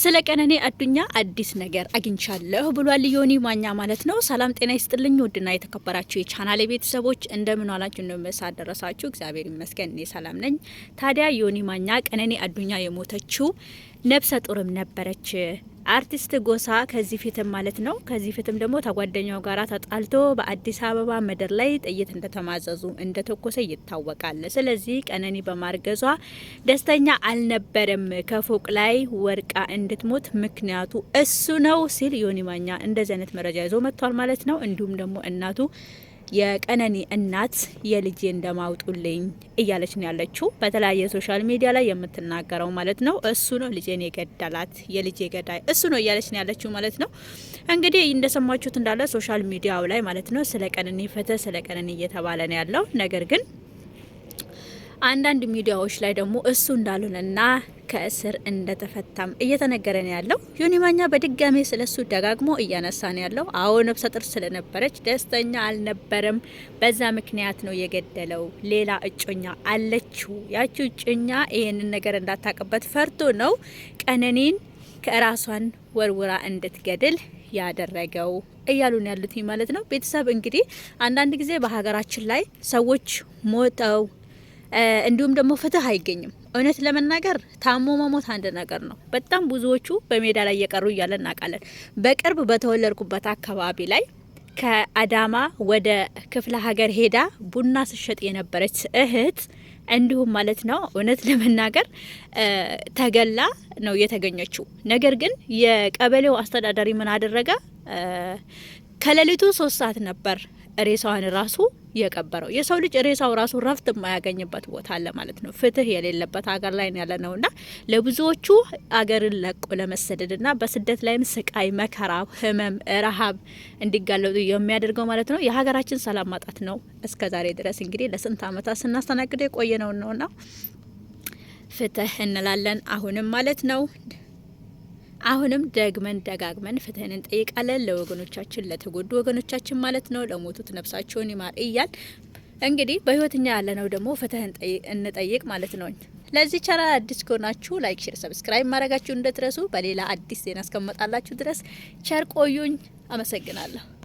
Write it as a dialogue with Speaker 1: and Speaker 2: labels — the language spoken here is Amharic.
Speaker 1: ስለ ቀነኔ አዱኛ አዲስ ነገር አግኝቻለሁ ብሏል ዮኒ ማኛ ማለት ነው። ሰላም ጤና ይስጥልኝ ውድና የተከበራችሁ የቻናሌ ቤተሰቦች እንደምን ዋላችሁ ነው መሳት እግዚአብሔር ይመስገን እኔ ሰላም ነኝ። ታዲያ ዮኒ ማኛ ቀነኔ አዱኛ የሞተችው ነብሰ ጡርም ነበረች አርቲስት ጎሳ ከዚህ ፊትም ማለት ነው ከዚህ ፊትም ደግሞ ተጓደኛው ጋራ ተጣልቶ በአዲስ አበባ ምድር ላይ ጥይት እንደተማዘዙ እንደተኮሰ ይታወቃል። ስለዚህ ቀነኒ በማርገዟ ደስተኛ አልነበረም። ከፎቅ ላይ ወርቃ እንድትሞት ምክንያቱ እሱ ነው ሲል ዮኒ ማኛ እንደዚህ አይነት መረጃ ይዞ መጥቷል ማለት ነው። እንዲሁም ደግሞ እናቱ የቀነኒ እናት የልጄ እንደማውጡልኝ እያለች ነው ያለችው። በተለያየ ሶሻል ሚዲያ ላይ የምትናገረው ማለት ነው። እሱ ነው ልጄን የገደላት የልጄ ገዳይ እሱ ነው እያለች ነው ያለችው ማለት ነው። እንግዲህ እንደሰማችሁት እንዳለ ሶሻል ሚዲያው ላይ ማለት ነው ስለ ቀነኒ ፍትህ፣ ስለ ቀነኒ እየተባለ ነው ያለው ነገር ግን አንዳንድ ሚዲያዎች ላይ ደግሞ እሱ እንዳልሆነና ከእስር እንደተፈታም እየተነገረ ነው ያለው። ዮኒ ማኛ በድጋሜ ስለ እሱ ደጋግሞ እያነሳ ነው ያለው። አዎ ነብሰ ጡር ስለነበረች ደስተኛ አልነበረም። በዛ ምክንያት ነው የገደለው። ሌላ እጮኛ አለችው። ያቺ እጮኛ ይህንን ነገር እንዳታቅበት ፈርቶ ነው ቀነኔን ከራሷን ወርውራ እንድትገድል ያደረገው እያሉን ያሉት ማለት ነው። ቤተሰብ እንግዲህ አንዳንድ ጊዜ በሀገራችን ላይ ሰዎች ሞተው እንዲሁም ደግሞ ፍትህ አይገኝም። እውነት ለመናገር ታሞ መሞት አንድ ነገር ነው። በጣም ብዙዎቹ በሜዳ ላይ እየቀሩ እያለ እናውቃለን። በቅርብ በተወለድኩበት አካባቢ ላይ ከአዳማ ወደ ክፍለ ሀገር ሄዳ ቡና ስሸጥ የነበረች እህት እንዲሁም ማለት ነው እውነት ለመናገር ተገላ ነው የተገኘችው። ነገር ግን የቀበሌው አስተዳዳሪ ምን አደረገ? ከሌሊቱ ሶስት ሰዓት ነበር ሬሳዋን ራሱ የቀበረው። የሰው ልጅ ሬሳው ራሱ ረፍት የማያገኝበት ቦታ አለ ማለት ነው። ፍትህ የሌለበት ሀገር ላይ ያለ ነውና ለብዙዎቹ አገርን ለቆ ለመሰደድና በስደት ላይም ስቃይ፣ መከራ፣ ህመም፣ ረሀብ እንዲጋለጡ የሚያደርገው ማለት ነው የሀገራችን ሰላም ማጣት ነው። እስከ ዛሬ ድረስ እንግዲህ ለስንት ዓመታት ስናስተናግደው የቆየ ነው ነውና ፍትህ እንላለን አሁንም ማለት ነው። አሁንም ደግመን ደጋግመን ፍትህን እንጠይቃለን። ለወገኖቻችን ለተጎዱ ወገኖቻችን ማለት ነው። ለሞቱት ነፍሳቸውን ይማር እያል እንግዲህ በህይወትኛ ያለ ነው ደግሞ ፍትህን እንጠይቅ ማለት ነው። ለዚህ ቻናል አዲስ ከሆናችሁ ላይክ፣ ሼር፣ ሰብስክራይብ ማድረጋችሁ እንደትረሱ። በሌላ አዲስ ዜና እስከመጣላችሁ ድረስ ቸር ቆዩኝ። አመሰግናለሁ።